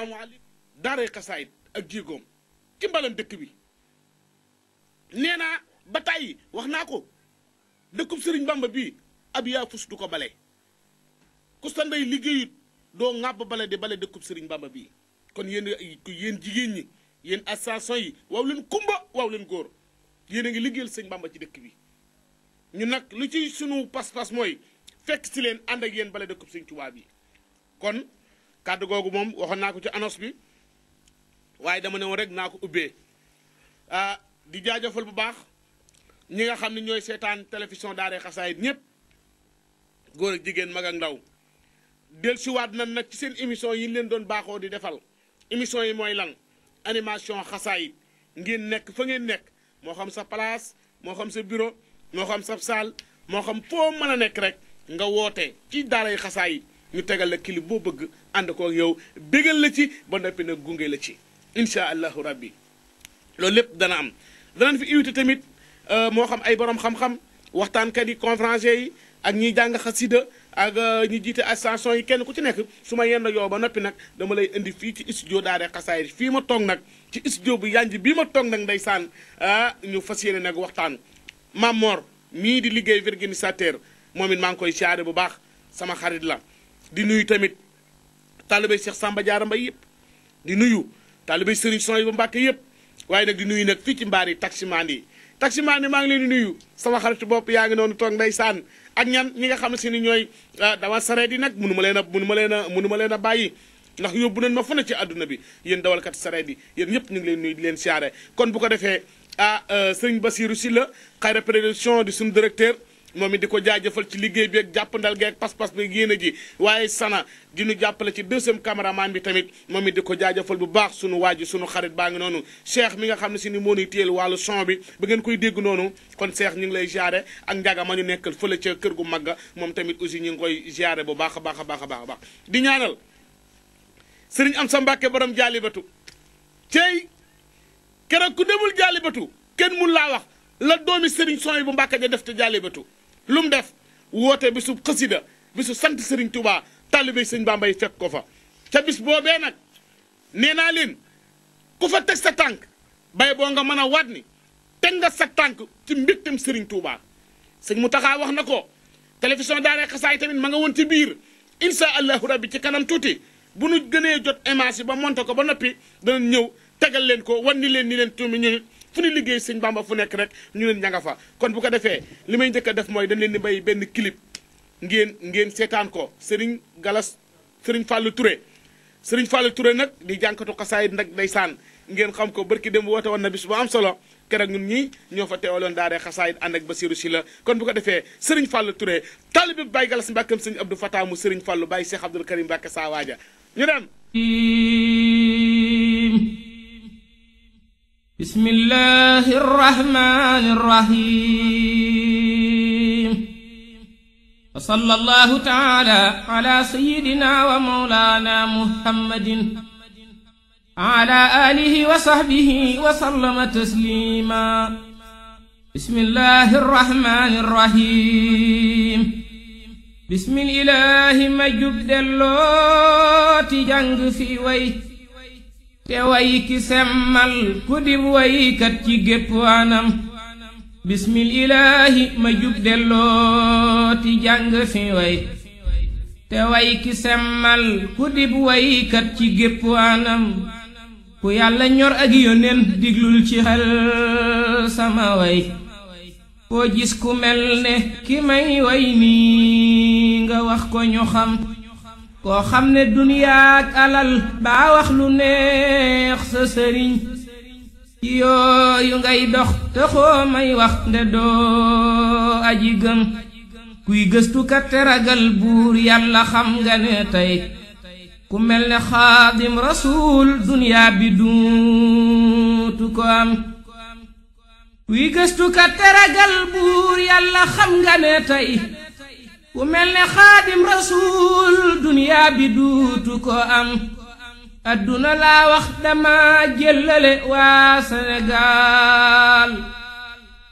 salaamaaleykum daaray xasaayit ak jéegoom ci dëkk bi nee naa ba wax naa ko dëkkub sëriñ bamba bi ab yaa fus du ko bale ku sa ndey liggéeyut doo ŋàbb bale di bale dëkkub sëriñ bamba bi kon yéen yéen jigéen ñi yéen association yi waaw leen kumba waaw leen góor yéen a ngi liggéeyal sëñ bamba ci dëkk bi ñu nag lu ci sunu pas-pas mooy fekk si leen ànd ak yéen bale dëkkub sëñ Tuubaa bi kon kàddu googu moom waxoon naa ko ci annonce bi waaye dama ne woon rek naa ko ubbee ah di jaajëfal bu baax ñi nga xam ne ñooy seetaan télévision daaree xasaayit ñëpp góor ak jigéen mag ak ndaw dellusiwaat nan nag ci seen émission yi leen doon baaxoo di defal émission yi mooy lan animation xasaayit ngeen nekk fa ngeen nekk moo xam sa place moo xam sa bureau moo xam sa salle moo xam foo mën a nekk rek nga woote ci daaray xasaayit ñu tegal la clip boo bëgg ànd ko yow bégal la ci ba noppi nag gunge la ci incha allahu rabbi loolu lépp dana am danañ fi invité tamit euh, moo xam ay borom xam-xam waxtaankat yi conférenciers yi ak ñiy jàng xasida ak euh, ñi jiite association yi kenn ku ci nekk su ma yenn yow ba noppi nag dama lay indi fii ci studio daara xasaay fii ma toog nag ci studio bu yànj bii ma toog nag ndeysaan ah ñu fas yéene nag waxtaan Mamor mii di liggéey virginisateur moom it maa ngi koy siyaare bu baax sama xarit la di nuyu tamit taalibay Cheikh Samba Diarra Mbaye yëpp di nuyu taalibay Serigne Sonia ba Mbacke yëpp waaye nag di nuyu nag fii ci mbaar yi taximaan yi taximaan yi maa ngi leen di nuyu sama xaritu bopp yaa ngi noonu toog saan ak ñan ñi nga xam ne si ni ñooy ah, dawal sareet yi nag munu ma leen a munu ma leen a munu leen a bàyyi ndax yóbbu nañ ma fu ne ci àdduna bi yéen dawalkat sareet yi yéen ñëpp ñu ngi leen nuyu di leen siyaare kon bu ko defee ah euh, Serigne Bassirou Sylla xayra prédiction di suñu directeur moom it di ko jaajëfal ci liggéey bi ak jàppandal gi ak pas-pas bi yéen ji waaye sana di nu jàppale ci deuxième caméraman bi tamit moom it di ko jaajafal bu baax sunu waa ji sunu xarit baa ngi noonu Cheikh mi nga xam ne si ni moo nuy téyel wàllu son bi ba ngeen koy dégg noonu kon Cheikh ñu ngi lay jaare ak njaga ma ñu nekkal fële ci kër gu magga moom tamit aussi ñu ngi koy jaare bu baax baax a baax baax di ñaanal sëriñ am sa mbàkke borom jaalibatu tey keroog ku demul jaalibatu kenn mun laa wax la doomi sëriñ son yi bu mbàkke ja def te jaalibatu lu mu def woote bisu xasida bisu sant sëriñ Touba talibé Sëñ Bamba yi fekk ko fa. ca bis boobee nag nee naa leen ku fa teg sa tànk bay boo nga mën a waat ni teg nga sa tànk ci mbégtam Serigne Touba sëñ Moutakha wax na ko télévision Daara Xasaay tamit ma nga woon ci biir incha allahu bi ci kanam tuuti bu nu gënee jot image yi ba monté ko ba noppi dana ñëw tegal leen ko wan ni leen ni leen tuumi ñu fu ñu liggéey sëñ Bamba fu nekk rek ñu leen ña nga fa kon bu ko defee li may njëkk a def mooy dañ leen di bay benn clip ngeen ngeen seetaan ko Serigne Galas Serigne Fallou Touré Serigne Fallou Touré nag di jànkatu xasaayit nag ndeysaan ngeen xam ko barki dem woote woon na bis bu am solo keroog ñun ñii ñoo fa teewaloon daaree xasaayit ànd ak Basiru si la kon ko defee Serigne Fallou Touré taalibe bi Baye Galas Mbàkkeem sëñ Abdou Fatah mu Serigne Fallou Baye Cheikh Abdoul Karim Mbàkke saa waaja ñu dem bismillaahi rahmaani rahiim wa sallallaahu taala ala sayyidina wa mawlaana muhammadin wa ala aalihi wa sahbihi wa sallama tasliima bismillaahi rahmaani rahiim bismil ilaahi ma jub delloo ti jàng fi way te way ki semmal ku dib waykat ci gépp anam bismillaahi ma jub dellooti jàng fi way te way ki semmal ku dib waykat ci gépp anam ku yàlla ñor ak yónneen diglul ci xel sama way koo gis ku mel ne ki may way nii nga wax ko ñu xam koo xam ne duniyaak alal ba wax lu neex sa sëriñ ci yooyu ngay dox te wax nde doo aji gëm kuy gëstukat te ragal buur yàlla xam nga ne tey ku mel ne xaadim rasuul duniyaa bi duutu ko am kuy gëstukat te ragal buur yàlla xam nga ne tey ku mel ne xaadim rasuul duniyaa bi duutu am adduna laa wax dama jëllale waa Sénégal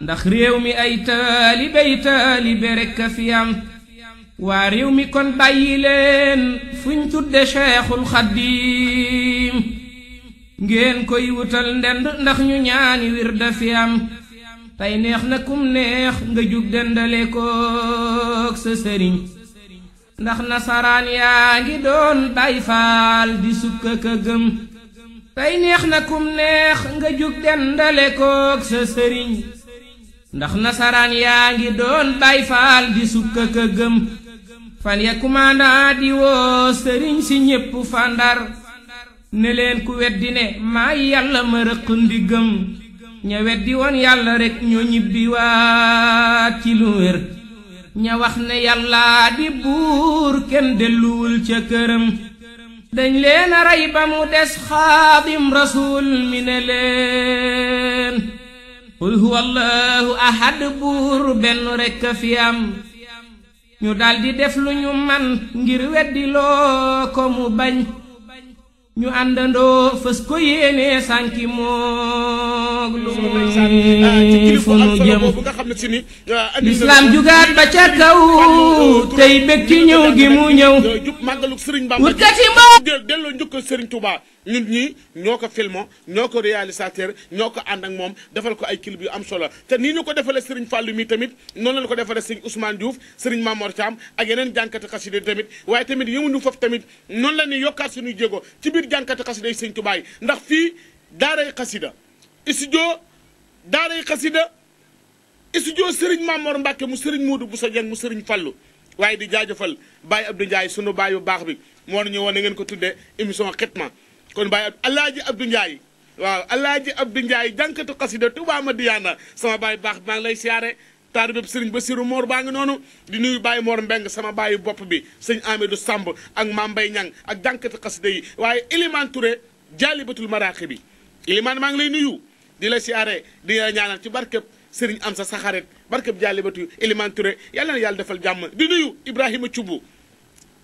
ndax réew mi ay taalibey taalibe rekk a fi am waa réew mi kon bàyyi leen fuñ tudde Seexul ndax ñu ñaani wir fi am tey neex na kum neex nga jug dendale kook sa sëriñ ndax nasaraan yaa ngi doon bay di sukk ka gëm tey neex na kum neex nga jóg dendale kook sa sëriñ ndax nasaraan yaa ngi doon bay faal di sukk ka gëm fan ya kumaandaa di woo sëriñ si ñépp fandar ne leen ku weddi ne maay yàlla ma rëq ndi gëm ña weddi woon yàlla rek ñoo ñibbiwaat ci lu wér ña wax ne yàlla di buur kenn delluwul ca këram dañ leen a rey ba mu des xaadim rasuul mi ne leen qul huwa allahu buur benn rekk a fi am ñu daldi def lu ñu man ngir weddi ko mu bañ ñu àndandoo fës ko yéenee sànki moog lu muy fu nu jëm ah, lislaam jugaat ba ca kaw tey bëgg ci ñëw gi mu ñëw wutkati mboo delloo njukkal Sëriñ Tuubaa ñun ñi ñoo ko filmo ñoo ko réalisateur ñoo ko ànd ak moom defal ko ay clip yu am solo te nii nu ko defalee Serigne Fallou mii tamit noonu lañu ko defalee Serigne Ousmane Diouf Serigne Mamor Thiam ak yeneen jànkati xasida tamit waaye tamit nu foofu tamit noonu la ñuy yokkaat suñuy jego ci biir jànkati xasida yi Serigne Touba yi ndax fii daaray xasida studio daaray xasida studio Serigne Mamor Mbacke mu Serigne Modou Bousso Dieng mu Serigne Fallou waaye di jaajëfal Baye Abdou Ndiaye sunu baay bu baax bi moo ñu woon na ngeen ko tuddee émission xitma kon baay alaaji ab Ndiaye waaw alaaji Abdou Ndiaye jànkatu xasida Tuubaa Madiyaana sama baay baax maa ngi lay siyaare taalibeeb ba Basiru Moor baa ngi noonu di nuyu Baye Moor Mbeng sama baayu bopp bi sëñ Amidou Samb ak Maam Mbay Ñang ak jànkatu xasida yi waaye Ilimaan Touré jaalibatul maraaxi bi Ilimaan maa ngi lay nuyu di la siyaare di la ci barkeb sëriñ am sa saxaret barkeb jaalibatu Ilimaan Touré yàlla na yàlla defal jàmm di nuyu Ibrahima Cubu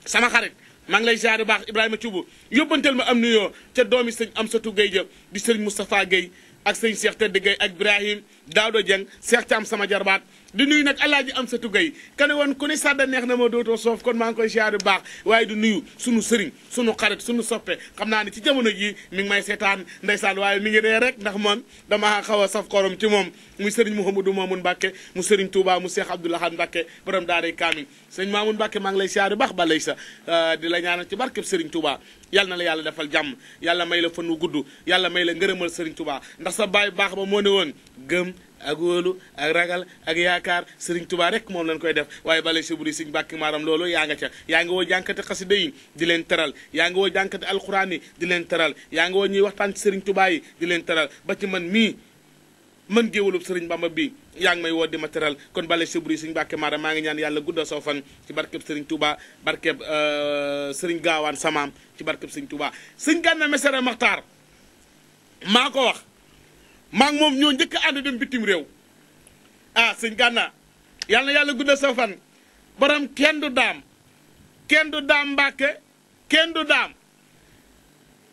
sama xarit maa ngi lay ziare baax Ibrahima Thioub yóbbanteel ma am nuyoo ca doomi sëñ am Gueye ja di sëñ Moustapha Gueye ak sëñ Cheikh Tedd Gueye ak Ibrahim Daouda jeng Cheikh Thiam sama jarbaat di nuyu nag alaaji am sa tugay kane woon ku ni sàdda neex na ma dootoo soof kon maa ngi koy siyaar bu baax waaye du nuyu sunu sëriñ sunu xarit sunu soppe xam naa ne ci jamono jii mi ngi may seetaan ndeysaan waaye mi ngi dee rek ndax man dama xaw a saf korom ci moom muy sëriñ Mouhamadou Mamoun Mbacke mu sëriñ Touba mu Cheikh Abdoul Ahad Mbacke borom daaray Kaamil sëriñ Mamoun Mbacke maa ngi lay siyaar baax ba lay sa euh, di la ñaanal ci barkeb sëriñ Touba yàlla na la yàlla defal jàmm yàlla may la fan wu gudd yàlla may la ngërëmal sëriñ Touba ndax sa baay baax ba moo ne woon gëm ak wóolu ak ragal ak yaakaar sëriñ tubaa rek moom lañ koy def waaye bale si buri siñ maaram loolu yaa nga ca yaa nga woo jànkate xasida yi di leen teral yaa nga woo jànkate alxuraan di leen teral yaa nga woo ñuy waxtaan ci sëriñ yi di leen teral ba ci man mii man géwalub sëriñ bamba bi yaa ngi may woo di ma teral kon bale sibri suñu bàkke maara maa ngi ñaan yàlla gudda soo fan ci barkeb sëriñ touba barkeb euh, sëriñ gaawaan samaam ci barkeb sëriñ touba sëñ gànna mesere maxtaar maa ko wax maa ngi moom ñoo njëkk ànd dem bitim réew ah sëñ Gànna yàlla na yàlla guddal sew fan baram kenn du daam kenn du daam Mbàkke kenn du daam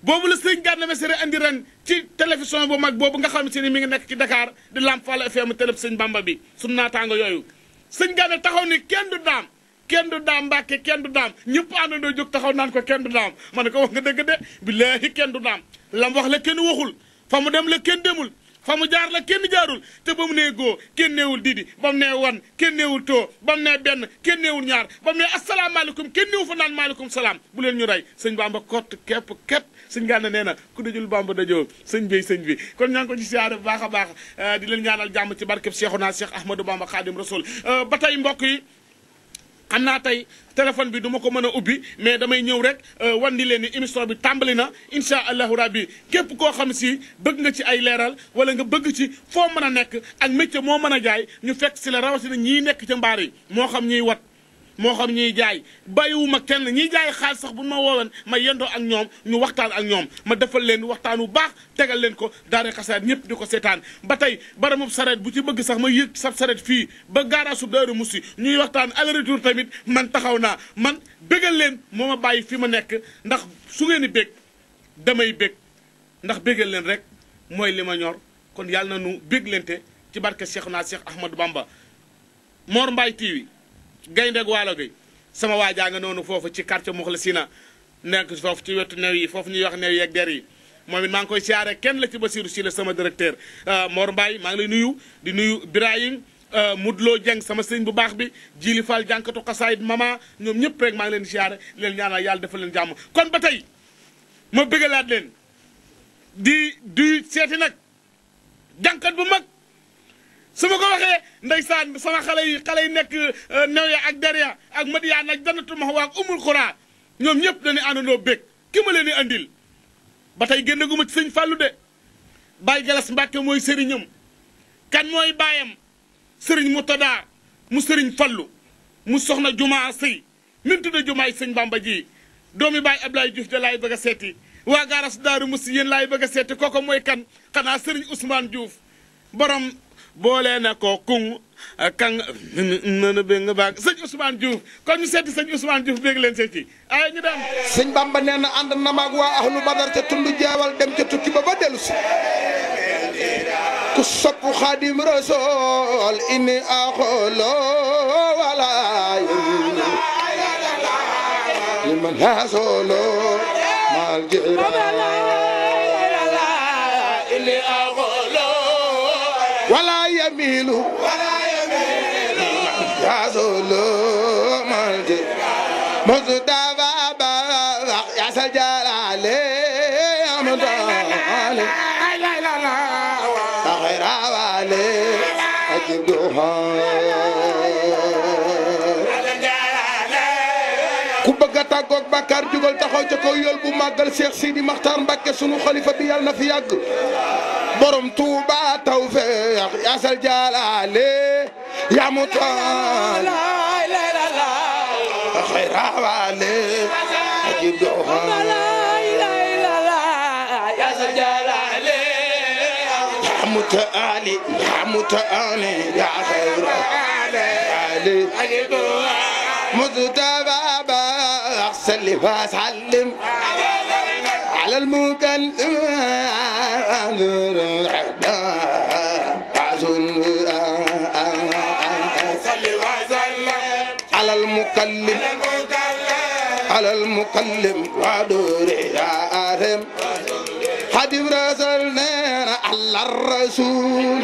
boobu la sëñ Gànna Mesere andi ren ci télévision bu mag boobu nga xam si ne mi ngi nekk ci Dakar di Lamp Fall FM télé sëñ Bamba bi sunu naataango yooyu sëñ Gànna taxaw ni kenn du daam kenn du daam Mbàkke kenn du daam ñëpp àndandoo jóg taxaw naan ko kenn du daam ma ne ko wax nga dëgg de billaahi kenn du daam lam wax la kenn waxul fa mu dem la kenn demul fa mu jaar la kenn jaarul te ba mu nee góo kenn neewul didi ba mu nee wan kenn neewul too ba mu nee benn kenn neewul ñaar ba mu nee asalaamaaleykum kenn neewu fa naan maaleykum salaam bu leen ñu rey sëñ bamba kott képp képp sëñ gànna nee na ku dajul bamba dajoo sëñ bi sëñ bi kon ñaa ngi ko ci siyaare bu baax a baax euh, di leen ñaanal jàmm ci barkeb Seexuna Seex Ahmadou Bamba Xaadim Rasul euh, ba tey mbokk yi xam naa tey téléphone bi du ma ko mën a ubbi mais damay ñëw rek euh, wan ni leen ni émission bi tàmbali na incha allahu rabbi képp koo xam si bëgg nga ci ay leeral wala nga bëgg ci foo mën a nekk ak métier moo mën a jaay ñu fekk si la rawatina ñii nekk ci mbaar yi moo xam ñuy wat moo xam ñiy jaay bàyyiwuma kenn ñiy jaay xaal sax bu ma woowoon ma yendoo ak ñoom ñu waxtaan ak ñoom ma defal leen waxtaan wu baax tegal leen ko daara xasaar ñëpp di ko seetaan ba tey bara baramub sareet bu ci bëgg sax ma yëg sab sareet fii ba gaara sub daaru musi ñuy waxtaan aller retour tamit man taxaw naa man bégal leen moo ma bàyyi fi ma nekk ndax su ngeen di bég damay bég ndax bégal leen rek mooy li ma ñor kon yàlla na nu béglente ci barke Cheikh naa Cheikh Ahmadou Bamba Mor Mbaye gaynde ak waalo bi sama waajaa nga noonu foofu ci quartier Muxlisina nekk foofu ci wetu new yi foofu ñuy wax new yeeg der yi moom it maa ngi koy siyaare kenn la ci Basiru si la sama directeur euh, Mor Mbaye maa ngi lay nuyu di nuyu Birahim euh, loo Jeng sama sëñ bu baax bi Jili Fall jànkatu xasaayit mama ñoom ñëpp rek maa ngi leen di siyaare leen ñaanal yàlla defal leen jàmm kon ba tey ma bëggalaat leen di du seeti nag jànkat bu mag su ma ko waxee ndeysaan sama xale yi xale yi nekk euh, Newe ak Deria ak Madiane ak Jannatul Mahwa ak Umul Xuraa ñoom ñëpp dañuy àndandoo bég ki ma leen di andil ba tey génn gu ma ci sëñ Fallou de Baye Galas Mbacke mooy sëriñam kan mooy baayam sëriñ Moutada mu sëriñ Fallou mu soxna Juma Sëy min tudda Jumaay sëñ Bamba ji doomi Baye Ablaye Diouf de laay bëgg a seeti waa gaaras Daaru Musi yéen laay bëgg a seeti kooku mooy kan xanaa sëriñ Ousmane Diouf borom. boole na ko kuŋ ah, kan nana bé nga baag sëñ Ousmane Diouf kon ñu seeti sëñ Ousmane Diouf bégg leen seeti ay ñu dem sëñ Bamba nee na na maag waa ahlu badar ca tund jeewal dem ca tukki ba ba dellu si ku sopp xaadim rasool ini axolo walaay يميل ولا يميل يا ظلم مصطفى بابا يا سجال عليه يا مطالب لا لا لا غير عليه ku bëgg a tàggoog Bakar jugal taxaw ca kaw yool bu màggal Cheikh Sidi Makhtar Mbacke sunu xalifa bi yàlla na fi yàgg. borom Touba tawfeex yasal jalaale yaa mu taal xayra waale ajib doxal yasal jalaale yaa mu taali yaa mu taali yaa xayra waale ajib doxal Mustafa ba salli wa sallim على المكلف على المكلم على المكلم ودور يا آدم حد رسلنا على الرسول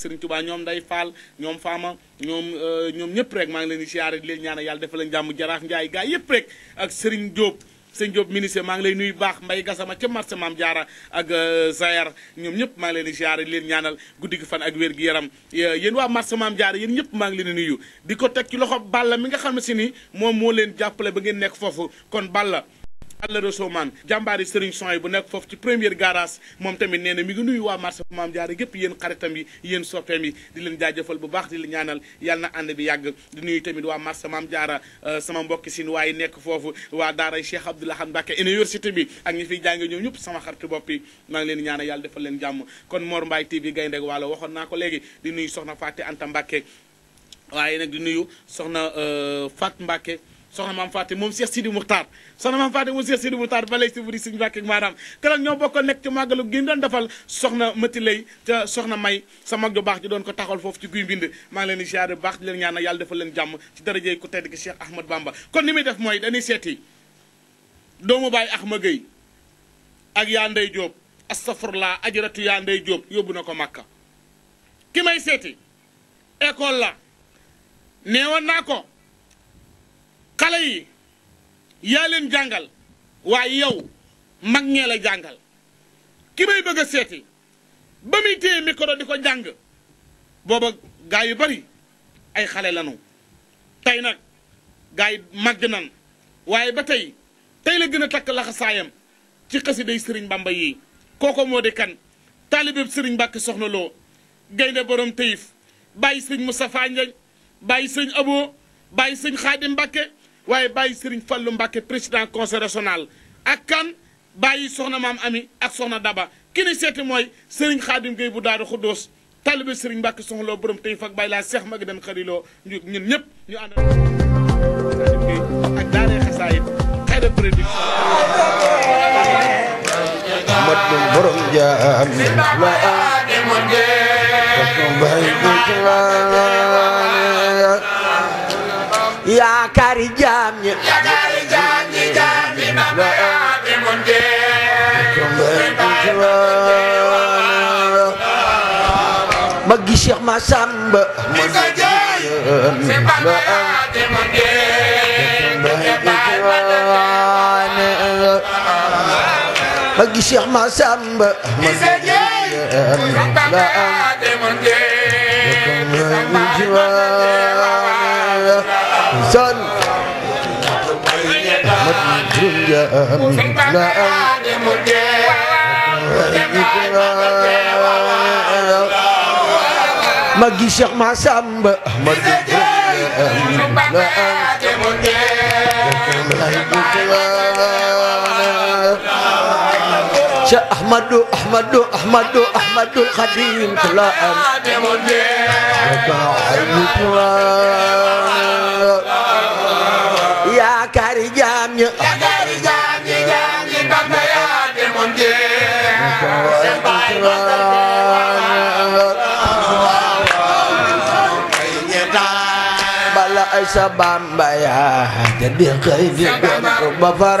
kër tubaa ñoom Nday Fall ñoom Fama ñoom euh, ñoom ñëpp rek maa ngi leen di siyaare di leen ñaanal yàlla defal leen jàmm jaraaf Ndiaye gaa yëpp rek ak Serigne Diop. sëñ Diop ministre maa ngi lay nuyu baax Mbaye Gassama ca marché Maam Jaara ak euh, Zayar ñoom ñëpp maa ngi leen di ziare leen ñaanal guddi gi fan ak wér gi yaram yéen waa marché Maam Jaara yéen ñëpp maa ngi leen nuyu di ko teg ci loxo Balla mi nga xam ne si ni moom moo leen jàppale ba ngeen nekk foofu kon Balla àll resoomaan jàmbaari sëriñ son yi bu nekk foofu ci première garage moom tamit nee na mi ngi nuyu waa marché maam jaare yëpp yéen xaritam yi yéen soppeem yi di leen jaajëfal bu baax di leen ñaanal yàlla na ànd bi yàgg di nuyu tamit waa marché maam jaara euh, sama mbokki siin waaye nekk foofu waa daaray Cheikh Abdoulahan Mbacke université bi ak ñi fiy jànge ñoom ñëpp sama xaritu bopp yi maa ngi leen ñaanal yàlla defal leen jàmm kon Mor Mbaye TV Gaynde Waalo waxoon naa ko soxna Fatou Anta Mbacke waaye nag di nuyu soxna euh, Fatou Mbacke soxna maam Faati moom Cheikh Sidi Moukhtar soxna maam Faati moom Cheikh Sidi Moukhtar ba si buri suñu bàkkeek maanaam te nag ñoo bokkoon nekk ci màggalu gi ñu doon defal soxna mati lay soxna may sa mag ju baax ji doon ko taxawal foofu ci guy mbind maa ngi leen di ziare bu baax di leen ñaanal yàlla defal leen jàmm ci darajey ku tedd gi Cheikh Ahmad Bamba kon ni muy def mooy dañuy seeti doomu baay Axma Gueye ak yaa Ndey Jóob astafurlaa ajaratu yaa Ndey yóbbu na ko Màkka may seeti école xale yi yaa leen jàngal waaye yow mag ñee jàngal ki may a seeti ba muy téye micro di ko jàng booba gaa yu bari ay xale lanu tey nag gaa yi màgg nan waaye ba tey tey la gën a takk laxasaayam ci xasiday sëriñ Bamba yi kooko moo di kan taalibeeb sëriñ Mbàkke Soxna Lo gaynde borom teyif bàyyi sëriñ Moustapha Ndiagne sëñ sëriñ Abo bàyyi sëriñ Xaadim Mbàkke waaye bàyyi Serigne Fallou Mbacke président conseil régional ak kan bàyyi soxna maam ami ak soxna Daba ki ni seeti mooy Serigne Khadim Gueye bu Daaru Xuddoos taalibe Serigne Mbacke soxloo borom tey fag bàyyi laa seex magi den ñu ñun ñëpp ñu ànd ak daaree xasaayit xayda production matum borom jaam la yaakaari jaam ñi yaakaari jaam ñi jaam ñi bamba yaa bi mun dee ba gi Cheikh Massamba mi ko jëy si bamba yaa bi mun dee ba gi Cheikh Massamba mi ko jëy si bamba yaa bi mun dee سن مدر يا أمين لا مجي شيخ مع سامب أحمد لا أنت Cheikh Ahmadou Ahmadou Ahmadou Ahmadou Khadim la am yaakaari jaam ñi yaakaari jaam ñi jaam ñi Bamba yaa demoon jee sa Bamba yaa jadi xëy di ko ba far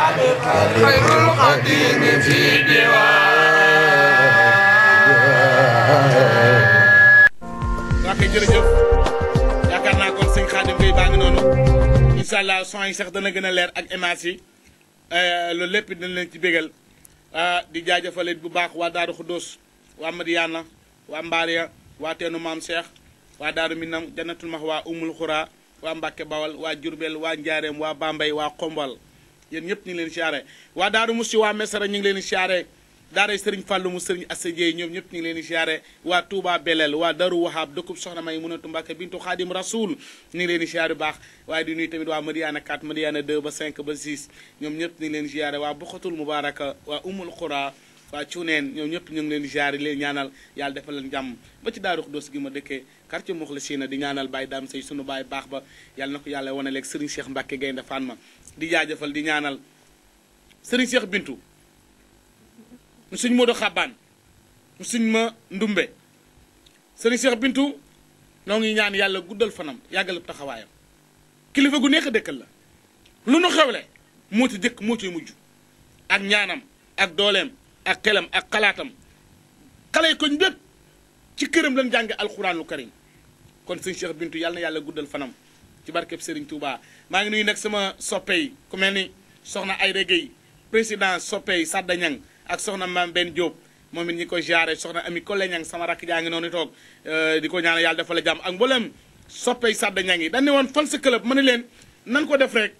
خير القديم في ديوان waaw jërëjëf yaakaar naa kon sëñ Xaadim baa ngi noonu incha allah son yi sax dana gën a leer ak image yi euh, loolu lépp dina leen ci bégal ah, di jaajëfalit bu baax waa Daaru Xuddoos waa Madiyaana waa Mbaariya waa teenu Maam Cheikh waa Daaru Minam Jannatul Mahwa waa Umul Xura waa Mbàkke Bawal waa Jurbel waa Njaareem waa Bambey waa Xombal yéen ñëpp ñu ngi leen siyaare waa daaru musti waa mesara ñu ngi leen siyaare daaray sëriñ mu sëriñ asadiey ñëpp ñu ngi leen di siyaare waa Touba Belel waa Daru Wahab dëkkub soxna may Munatu Mbàkke bintu Xaadim Rasul ñu ngi leen di siyaare bu baax waaye di nuyu tamit waa Madiana 4 Madiana 2 ba 5 ba ñoom ñëpp ñu ngi leen di siyaare waa Buxatul Mubaaraka waa Umul Qura waa ñoom ñëpp ñu ngi leen di siyaare ñaanal yàlla defal leen jàmm ba ci Daaru Xuddoos gi ma dëkkee quartier Muxlisina di ñaanal Baay Daam Sey sunu baay baax ba yàlla na ko yàlla wanaleeg Sëriñ Cheikh Mbàkke Gaynde ma di jaajëfal di ñaanal sëriñ Cheikh Bintu mu suñ Modou Xabaan mu suñ ma Ndumbe sëriñ seex Bintu noo ngi ñaan yàlla guddal fanam yàggal taxawaayam kilifa gu nekk dëkkal la lu nu xewle moo ci jëkk moo ci mujj ak ñaanam ak dooleem ak xelam ak xalaatam xale yi koñ bépp ci këram lañ jànge alxuraanul karim kon sëñ Cheikh Bintu yàlla yàlla guddal fanam ci barkeb Serigne Touba maa ngi nuyu nag sama soppe yi ku mel ni soxna Ayda Gueye président soppe yi Sadda Ñang ak soxna Mame Ben Diop moom it ñi koy jaare soxna Ami Kole Ñang sama rakk jaa ngi noonu toog euh, di ko ñaanal yàlla dafa la jàmm ak mboolem soppe yi Sadda Ñang yi woon fan sa club ma ne leen nan ko def rek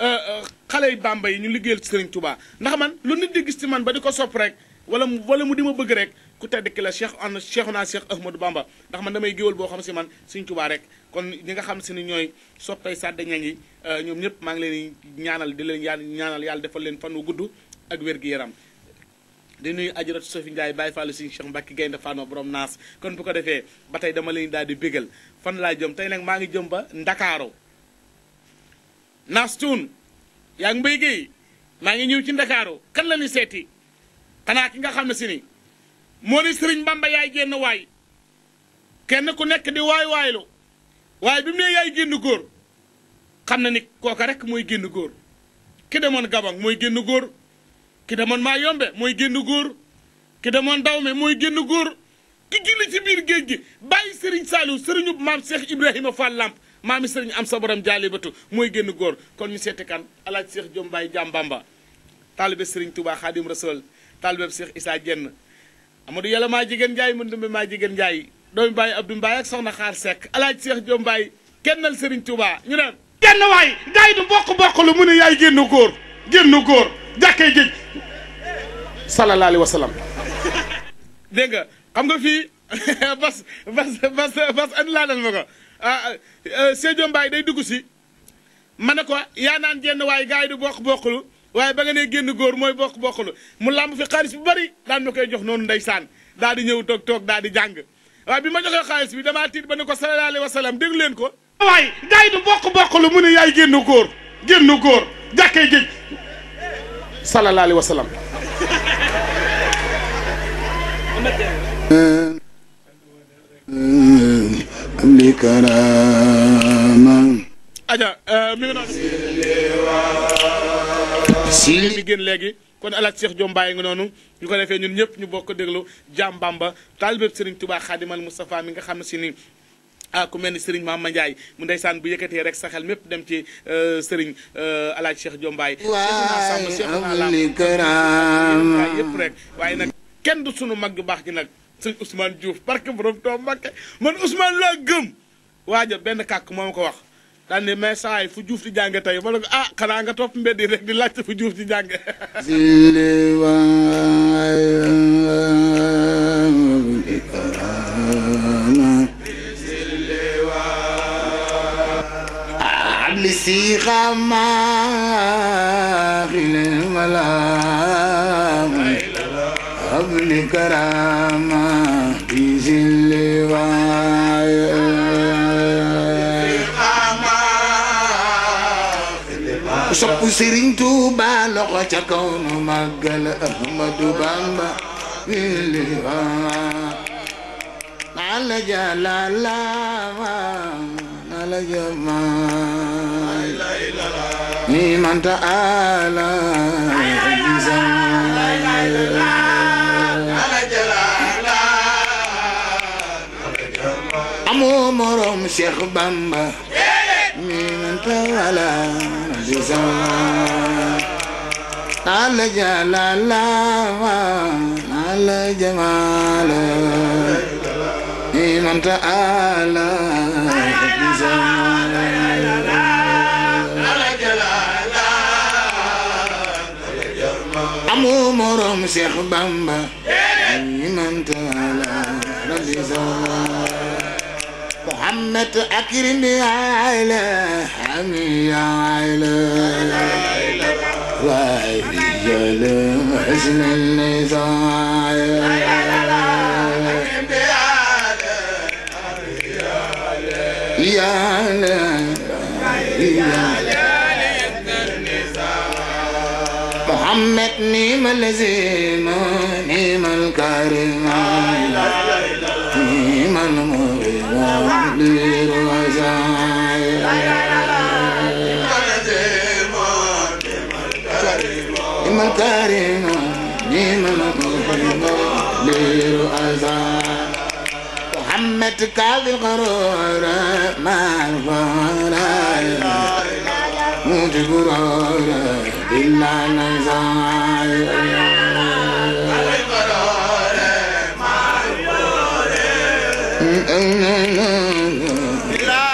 euh, euh, xale yi Bamba yi ñu liggéeyal Serigne Touba ndax man lu nit di gis man ba di ko sopp rek wala wala mu di ma bëgg rek ku tedd ki la cheikh an cheikhuna cheikh ahmadou bamba ndax man damay géwal boo xam si man suñ tubaa rek kon ñi nga xam si ni ñooy soppay sàdda ña ngi ñoom ñëpp maa ngi leen ñaanal di leen yàlla ñaanal yàlla defal leen fan wu gudd ak wér gi yaram di nuyu ajaratu Sofi Ndiaye bàyyi fallu suñu cheikh gaynde fano borom naas kon bu ko defee ba tey dama leen daal di bégal fan laa jëm tey nag maa ngi jëm ba ndakaaro naas tuun yaa ngi mbéy géey maa ngi ñëw ci ndakaaro kan la ñu seeti xanaa ki nga xam ne si ni moo ni sëriñ Bamba yaay génn waay kenn ku nekk di waay waaylu waaye bi mu ne yaay génn góor xam na ni kooka rek mooy génn góor ki moon Gabon mooy génn góor ki demoon Mayombe mooy génn góor ki demoon Dawme mooy génn góor ki julli ci biir géej gi bàyyi Serigne Saliou Serigne maam Cheikh Ibrahima Fall Lamp maami Serigne am sa borom jaalibatu mooy génn góor kon mi seeti kan alaaj seex Cheikh Jom Baye Jam Bamba taalibe Serigne Touba Khadim Rasoul taalibe Cheikh Issa Dieng. Amadou Yàlla maa jigéen Njaay mën dumbe maa jigéen Njaay doomi Baye Abdou Mbaye ak soxna Xaar Seck alaaj Seex Jom Mbaye kennal Serigne Touba ñu ne genn waay gars yi du bokk bokk lu mu yaay génn góor génn góor jàkkee géej sallallahu alayhi wa sallam dégg nga xam nga fi bas bas bas bas andi laanal ma ko Seex ah, ah, day dugg si ma ne ko yaa naan genn waay gars yi du bokk bokklu waaye ba nga génn góor mooy bokk bokk lu mu làmb fi xaalis bu bari daan ma jox noonu ndeysaan daal di ñëw toog toog daal di jàng waaye bi ma joxee xaalis bi damaa tiit ba ne ko sallallahu wa sallam déglu leen ko. waaye day du bokk bokk lu mu ne yaay génn góor génn góor jàkkee géej si mi gën léegi kon alaaj Cheikh Diom Baye nga noonu ñu ko defee ñun ñëpp ñu bokk déglu Jaam Bamba taalibeb Serigne Touba Xaadimal Moustapha mi nga xam na si ni ah ku mel ni Serigne Mama Ndiaye mu ndeysaan bu yëkkatee rek sa xel mépp dem ci euh, Serigne euh, alaaj Cheikh Diom Baye waaye yëpp rek waaye nag kenn du sunu mag ju baax ji nag sëñ Ousmane Diouf barke borom too Mbakke man Ousmane laa gëm waaja benn kàkk moo ma ko wax daal ne mais saa yi fu juuf di jànge tey ma ne ah xanaa topp mbedd yi rek di laajte fu juuf di jànge si sopp Sëriñ Tuuba loxo ca kaw nu màggal Ahmadu Bamba wili na la ja la la man ta ala amoo morom Cheikh Bamba ni man ta بزمان على جلال على جمال إيمان تعالى بزمان أمو مرم شيخ بامبا إيمان تعالى ربي زمان محمد أكرم على عمي عيلة رجل حسن النزاع يا لا محمد نيم الزمان ترينا نيمنا كوفرنا ليرو أزار محمد كاذي القرار ما الفرار مجبرار إلا نزار Love.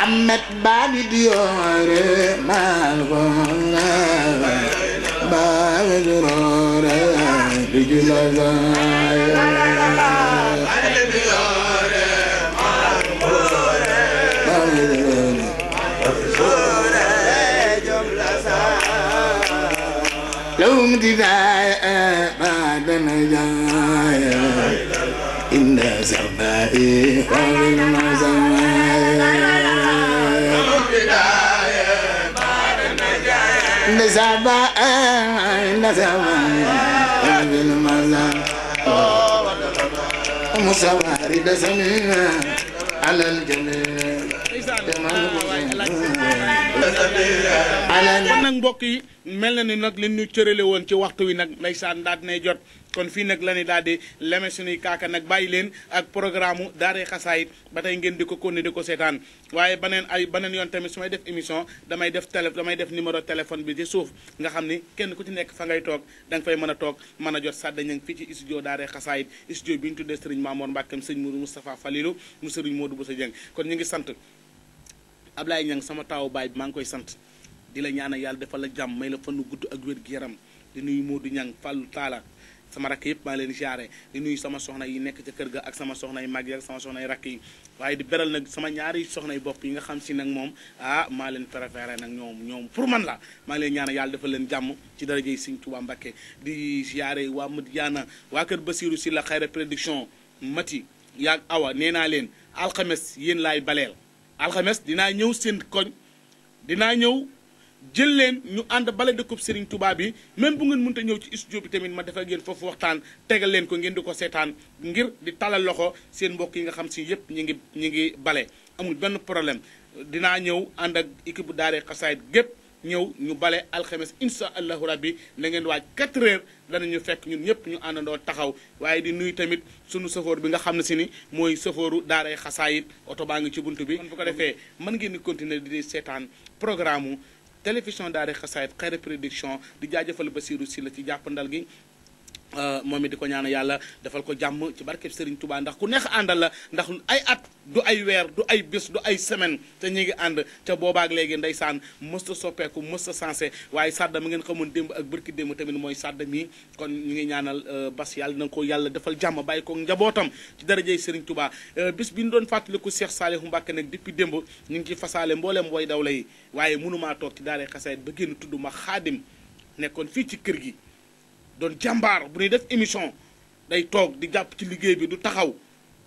محمد بعد يوري ما الغورة بعد رورة رجل لو امتداء بعد نجايا إن سمائي قبل بسبع نسوا بالمزار مسوارد سمينا على الجميع kon nag mbokk yi mel na ni nag li ñu cërale woon ci waxtu wi nag ndeysaan daal dinay jot kon fii nag la ne daal di leme suñuy kaaka nag bàyyi leen ak programme u daaree xasaayit ba tey ngeen di ko konne di ko seetaan waaye baneen ay baneen yoon tamit su may def émission damay def télé damay def numéro téléphone bi ci suuf nga xam ni kenn ku ci nekk fa ngay toog da nga fay mën a toog mën a jot Sada Niang fii ci studio daaree xasaayit studio bi ñu tuddee sëriñ Mamour Mbàkkeem sëñ Mourou Moustapha Falilou mu sëriñ Modou Bousso Dieng kon ñu ngi sant Ablaye Niang sama taawu baay maa ngi koy sant di la ñaanal yàlla defal la jàmm may la fan lu gudd ak wér-gu-yaram di nuyu Modou Niang Fallou Talla sama rakk yëpp maa leen ziare di nuyu sama soxna yi nekk ca kër ga ak sama soxna yi mag yi ak sama soxna yi rakk yi waaye di beral nag sama ñaari soxna yi bopp yi nga xam si nag moom ah maa leen préféré nag ñoom ñoom pour man la maa leen ñaana yàlla dafa leen jàmm ci darajey Sëñ Tuubaa Mbàkke di ziare waa Madiyaana waa kër Basiiru si la xayra prédiction mati yaag awa nee naa leen alxames yéen laay baleel alxemes dinaa ñëw seen koñ dinaa ñëw jël leen ñu ànd bale dëkkub Serigne tubaab yi même bu ngeen mënta ñëw ci studio bi tamit ma def ak yéen foofu waxtaan tegal leen ko ngeen di ko seetaan ngir di talal loxo seen mbokk yi nga xam si yëpp ñu ngi ñu ngi bale amul benn problème dinaa ñëw ànd ak équipe bu daaree xasaayit gépp ñëw ñu bale alxames incha allahu rabbi na ngeen waaj 4 heures ñu fekk ñun ñëpp ñu àndandoo taxaw waaye di nuyu tamit sunu safoor bi nga xam ne si ni mooy safooru daaree xasaayit oto baa ngi ci bunt bi. bu ko defee mën ngeen di continuer di seetaan programme télévision daara xasaayit xayra production di ba jaajëfal Basiirou la ci jàppandal gi Euh, moom it di ko ñaana yàlla defal ko jàmm ci barkeb Serigne tubaa ndax ku neex àndal la ndax ay at du ay weer du ay bés du ay semaine te ñu ngi ànd te boobaak léegi ndeysaan mësta soppeeku mësta sensé waaye sàdda mi ngeen ko xamoon démb ak bërki démb tamit mooy sàdda mi kon ñu ngi ñaanal euh, bas yàlla na ko yàlla defal jàmm bàyyi ko njabootam ci darajey Serigne tubaa euh, bis bi ñu doon fàttaliku Cheikh Saliou Mbacké nag depuis démb ñu ngi ciy fasaale mbooleem way daw waaye mënumaa toog ci daaree xasaayit ba génn tudd ma xaadim nekkoon fii ci kër gi doon jàmbaar bu ñuy def émission day toog di jàpp ci liggéey bi du taxaw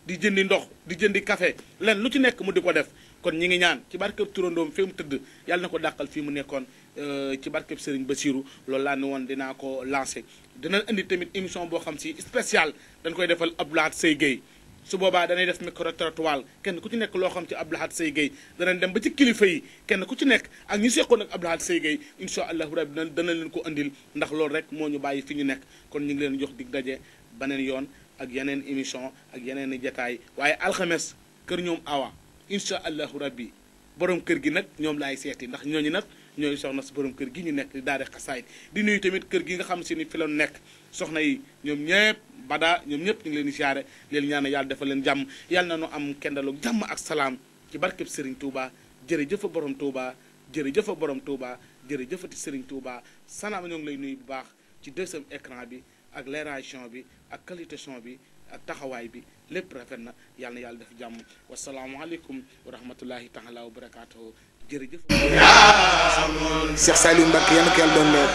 di jëndi ndox di jëndi kafe len lu ci nekk mu di ko def kon ñi ngi ñaan ci barkeb turandoom fi mu tëdd yàlla na ko dàqal fii mu nekkoon euh, ci barkeb Serigne Bassirou loolu laa ne woon dinaa ko lancé dina indi tamit émission boo xam si spécial dañ koy defal Abdoulaye Seye Gueye su boobaa danay def micro trottoir kenn ku ci nekk loo xam ci Abdou Lahad Seye Gueye danañ dem ba ci kilifa yi kenn ku ci nekk ak ñi seqoon ak Abdou Lahad Seye Gueye incha allahu rabi dana dana leen ko indil ndax loolu rek moo ñu bàyyi fi ñu nekk kon ñu ngi leen jox dig daje baneen yoon ak yeneen émission ak yeneen i jataay waaye alxemes kër ñoom awa incha allahu bi borom kër gi nag ñoom laay seeti ndax ñooñu nag. ñooy soxna si borom kër gi ñu nekk di daare xasaay di nuyu tamit kër gi nga xam si ni fi la nekk soxna yi ñoom ñëpp badaa ñoom ñëpp ñu ngi leen di siyaare leen ñaan yàlla defal leen jàmm yàlla na nu am kendalug jàmm ak salaam ci barkeb Serigne Touba jërëjëfa borom Touba jërëjëfa borom Touba jërëjëfati Serigne Touba salaam ñoo ngi lay nuyu bu baax ci deuxième écran bi ak leeration bi ak qualité bi ak taxawaay bi lépp rafet na yàlla na yàlla def jàmm wasalaamualeykum wa rahmatullahi taala wa barakaatuhu jërëjëf. Cheikh Saliou Mbacke yal na ko yàlla doon leer.